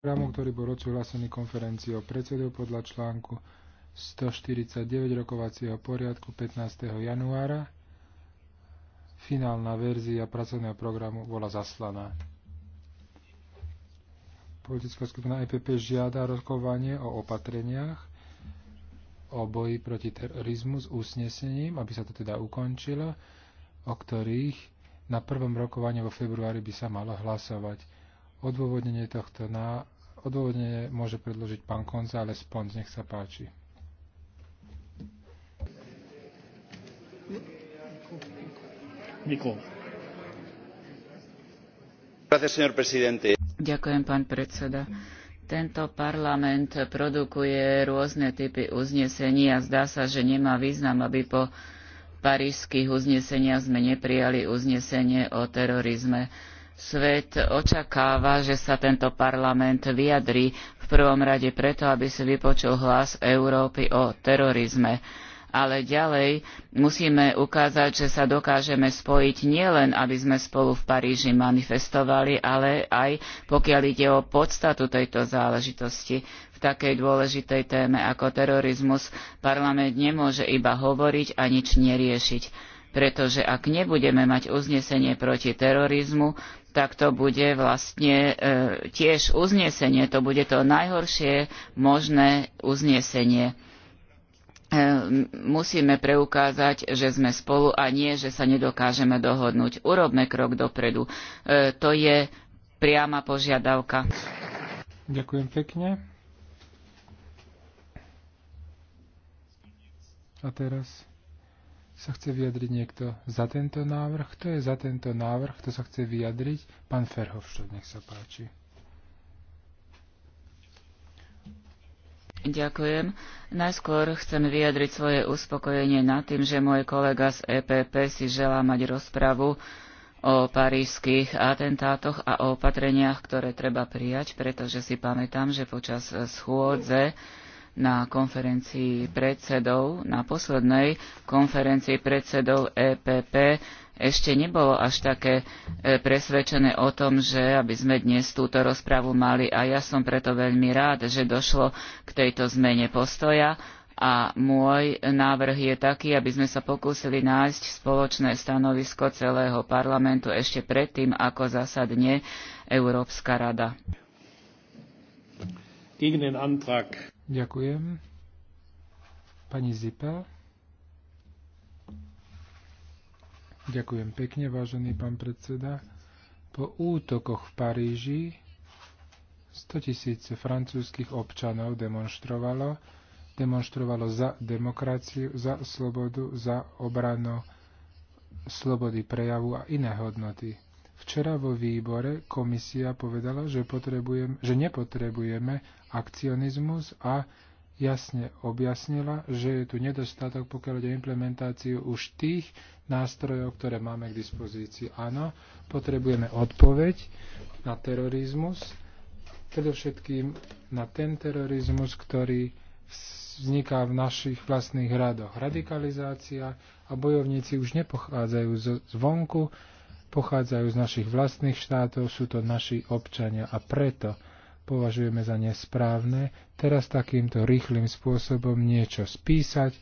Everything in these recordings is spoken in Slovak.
programu, ktorý bol odsúhlasený konferenciou predsedov podľa článku 149 rokovacieho poriadku 15. januára. Finálna verzia pracovného programu bola zaslaná. Politická skupina EPP žiada rokovanie o opatreniach o boji proti terorizmu s usnesením, aby sa to teda ukončilo, o ktorých na prvom rokovaní vo februári by sa malo hlasovať. Odôvodnenie tohto na Odôvodnenie môže predložiť pán ale Pons. Nech sa páči. Ďakujem, pán predseda. Tento parlament produkuje rôzne typy uznesení a zdá sa, že nemá význam, aby po parížských uzneseniach sme neprijali uznesenie o terorizme. Svet očakáva, že sa tento parlament vyjadrí v prvom rade preto, aby si vypočul hlas Európy o terorizme. Ale ďalej musíme ukázať, že sa dokážeme spojiť nielen, aby sme spolu v Paríži manifestovali, ale aj pokiaľ ide o podstatu tejto záležitosti v takej dôležitej téme ako terorizmus parlament nemôže iba hovoriť a nič neriešiť pretože ak nebudeme mať uznesenie proti terorizmu, tak to bude vlastne e, tiež uznesenie, to bude to najhoršie možné uznesenie. E, musíme preukázať, že sme spolu a nie, že sa nedokážeme dohodnúť. Urobme krok dopredu. E, to je priama požiadavka. Ďakujem pekne. A teraz sa chce vyjadriť niekto za tento návrh? Kto je za tento návrh? Kto sa chce vyjadriť? Pán Ferhovštod, nech sa páči. Ďakujem. Najskôr chcem vyjadriť svoje uspokojenie nad tým, že môj kolega z EPP si želá mať rozpravu o parížských atentátoch a o opatreniach, ktoré treba prijať, pretože si pamätám, že počas schôdze na konferencii predsedov, na poslednej konferencii predsedov EPP ešte nebolo až také e, presvedčené o tom, že aby sme dnes túto rozpravu mali a ja som preto veľmi rád, že došlo k tejto zmene postoja a môj návrh je taký, aby sme sa pokúsili nájsť spoločné stanovisko celého parlamentu ešte predtým, ako zasadne Európska rada. Gegen den Antrag Ďakujem. Pani Zipa. Ďakujem pekne, vážený pán predseda. Po útokoch v Paríži 100 tisíce francúzskych občanov demonstrovalo, demonstrovalo za demokraciu, za slobodu, za obranu slobody prejavu a iné hodnoty. Včera vo výbore komisia povedala, že, potrebujem, že nepotrebujeme akcionizmus a jasne objasnila, že je tu nedostatok, pokiaľ ide implementáciu už tých nástrojov, ktoré máme k dispozícii. Áno, potrebujeme odpoveď na terorizmus, predovšetkým na ten terorizmus, ktorý vzniká v našich vlastných radoch. Radikalizácia a bojovníci už nepochádzajú zvonku, pochádzajú z našich vlastných štátov, sú to naši občania a preto považujeme za nesprávne teraz takýmto rýchlým spôsobom niečo spísať,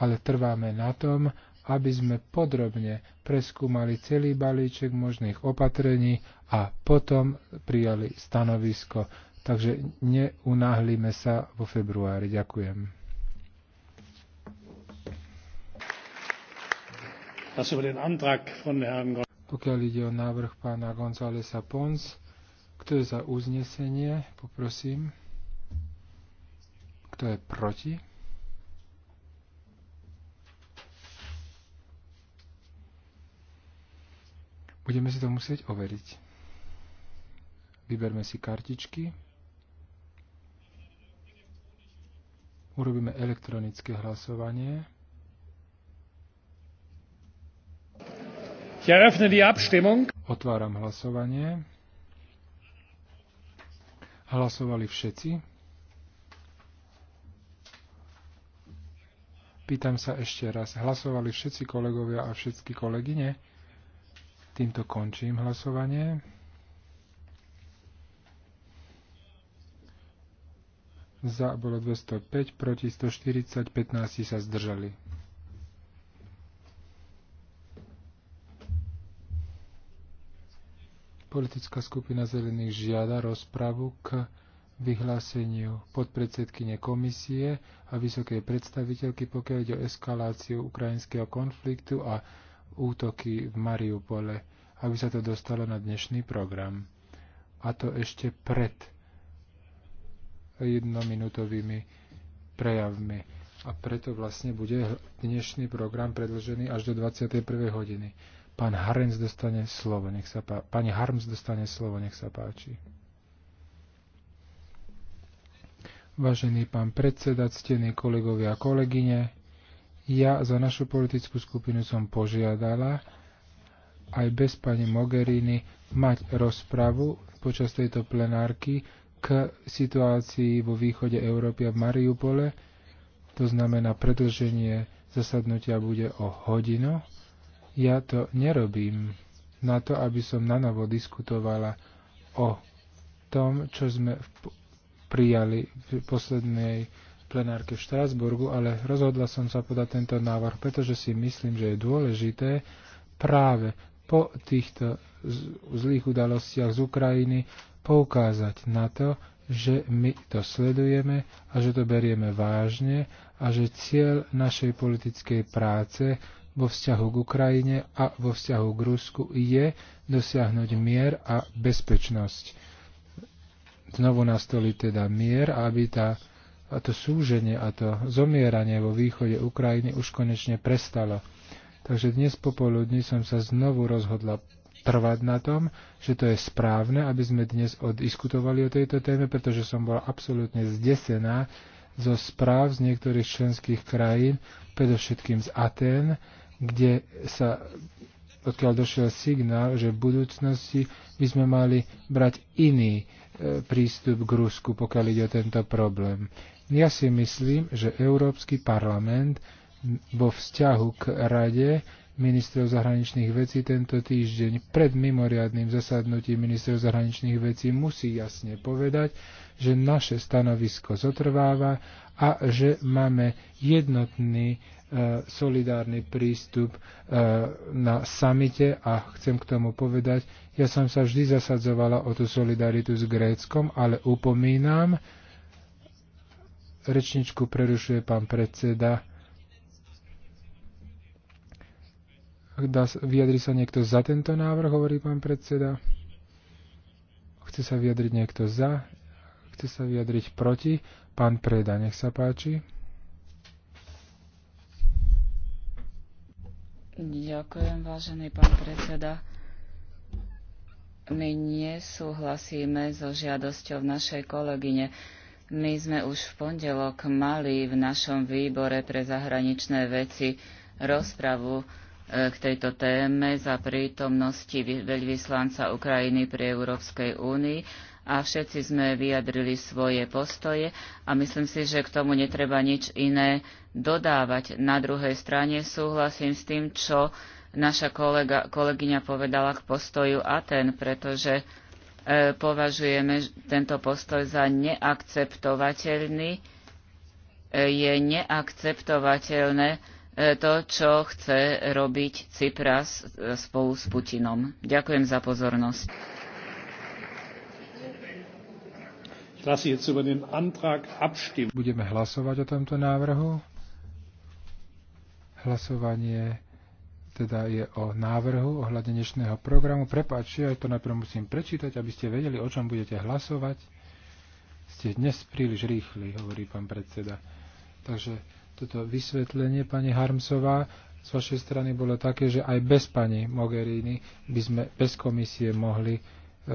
ale trváme na tom, aby sme podrobne preskúmali celý balíček možných opatrení a potom prijali stanovisko. Takže neunáhlíme sa vo februári. Ďakujem. Das über den Antrag von Herrn pokiaľ ide o návrh pána Gonzálesa Pons, kto je za uznesenie, poprosím. Kto je proti? Budeme si to musieť overiť. Vyberme si kartičky. Urobíme elektronické hlasovanie. Otváram hlasovanie. Hlasovali všetci. Pýtam sa ešte raz. Hlasovali všetci kolegovia a všetky kolegyne? Týmto končím hlasovanie. Za bolo 205, proti 140, 15 sa zdržali. Politická skupina zelených žiada rozpravu k vyhláseniu podpredsedkyne komisie a vysokej predstaviteľky, pokiaľ ide o eskaláciu ukrajinského konfliktu a útoky v Mariupole, aby sa to dostalo na dnešný program. A to ešte pred jednominútovými prejavmi. A preto vlastne bude dnešný program predlžený až do 21. hodiny. Pán Harms dostane slovo, nech sa páči. Pani Harms dostane slovo, nech sa páči. Vážený pán predseda, ctení kolegovia a kolegyne, ja za našu politickú skupinu som požiadala aj bez pani Mogherini mať rozpravu počas tejto plenárky k situácii vo východe Európy a v Mariupole. To znamená, predlženie zasadnutia bude o hodinu ja to nerobím na to, aby som na novo diskutovala o tom, čo sme prijali v poslednej plenárke v Štrasburgu, ale rozhodla som sa podať tento návrh, pretože si myslím, že je dôležité práve po týchto zlých udalostiach z Ukrajiny poukázať na to, že my to sledujeme a že to berieme vážne a že cieľ našej politickej práce vo vzťahu k Ukrajine a vo vzťahu k Rusku je dosiahnuť mier a bezpečnosť. Znovu nastoliť teda mier, aby tá, a to súženie a to zomieranie vo východe Ukrajiny už konečne prestalo. Takže dnes popoludní som sa znovu rozhodla trvať na tom, že to je správne, aby sme dnes odiskutovali o tejto téme, pretože som bola absolútne zdesená zo správ z niektorých členských krajín, predovšetkým z Aten, kde sa odkiaľ došiel signál, že v budúcnosti by sme mali brať iný e, prístup k Rusku, pokiaľ ide o tento problém. Ja si myslím, že Európsky parlament vo vzťahu k Rade ministrov zahraničných vecí tento týždeň pred mimoriadným zasadnutím ministrov zahraničných vecí musí jasne povedať, že naše stanovisko zotrváva a že máme jednotný e, solidárny prístup e, na samite a chcem k tomu povedať, ja som sa vždy zasadzovala o tú solidaritu s Gréckom, ale upomínam, rečničku prerušuje pán predseda, Dá, vyjadri sa niekto za tento návrh, hovorí pán predseda. Chce sa vyjadriť niekto za, chce sa vyjadriť proti. Pán Preda, nech sa páči. Ďakujem, vážený pán predseda. My nesúhlasíme so žiadosťou našej kolegyne. My sme už v pondelok mali v našom výbore pre zahraničné veci rozpravu E, k tejto téme za prítomnosti veľvyslanca Ukrajiny pri Európskej únii a všetci sme vyjadrili svoje postoje a myslím si, že k tomu netreba nič iné dodávať. Na druhej strane súhlasím s tým, čo naša kolega, kolegyňa povedala k postoju Aten, pretože e, považujeme tento postoj za neakceptovateľný. E, je neakceptovateľné, E, to, čo chce robiť Cypras e, spolu s Putinom. Ďakujem za pozornosť. Budeme hlasovať o tomto návrhu. Hlasovanie teda je o návrhu ohľadne dnešného programu. Prepáčte, aj to najprv musím prečítať, aby ste vedeli, o čom budete hlasovať. Ste dnes príliš rýchli, hovorí pán predseda. Takže toto vysvetlenie, pani Harmsová, z vašej strany bolo také, že aj bez pani Mogherini by sme bez komisie mohli eh,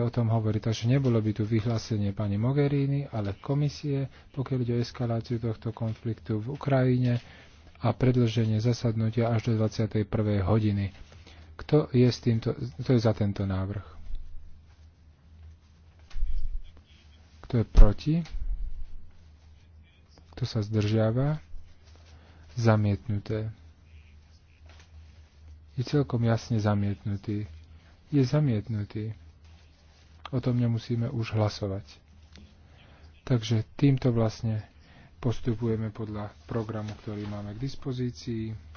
o tom hovoriť. Takže nebolo by tu vyhlásenie pani Mogherini, ale komisie, pokiaľ ide o eskaláciu tohto konfliktu v Ukrajine a predlženie zasadnutia až do 21. hodiny. Kto je, s týmto, kto je za tento návrh? Kto je proti? Kto sa zdržiava? zamietnuté. Je celkom jasne zamietnutý. Je zamietnutý. O tom nemusíme už hlasovať. Takže týmto vlastne postupujeme podľa programu, ktorý máme k dispozícii.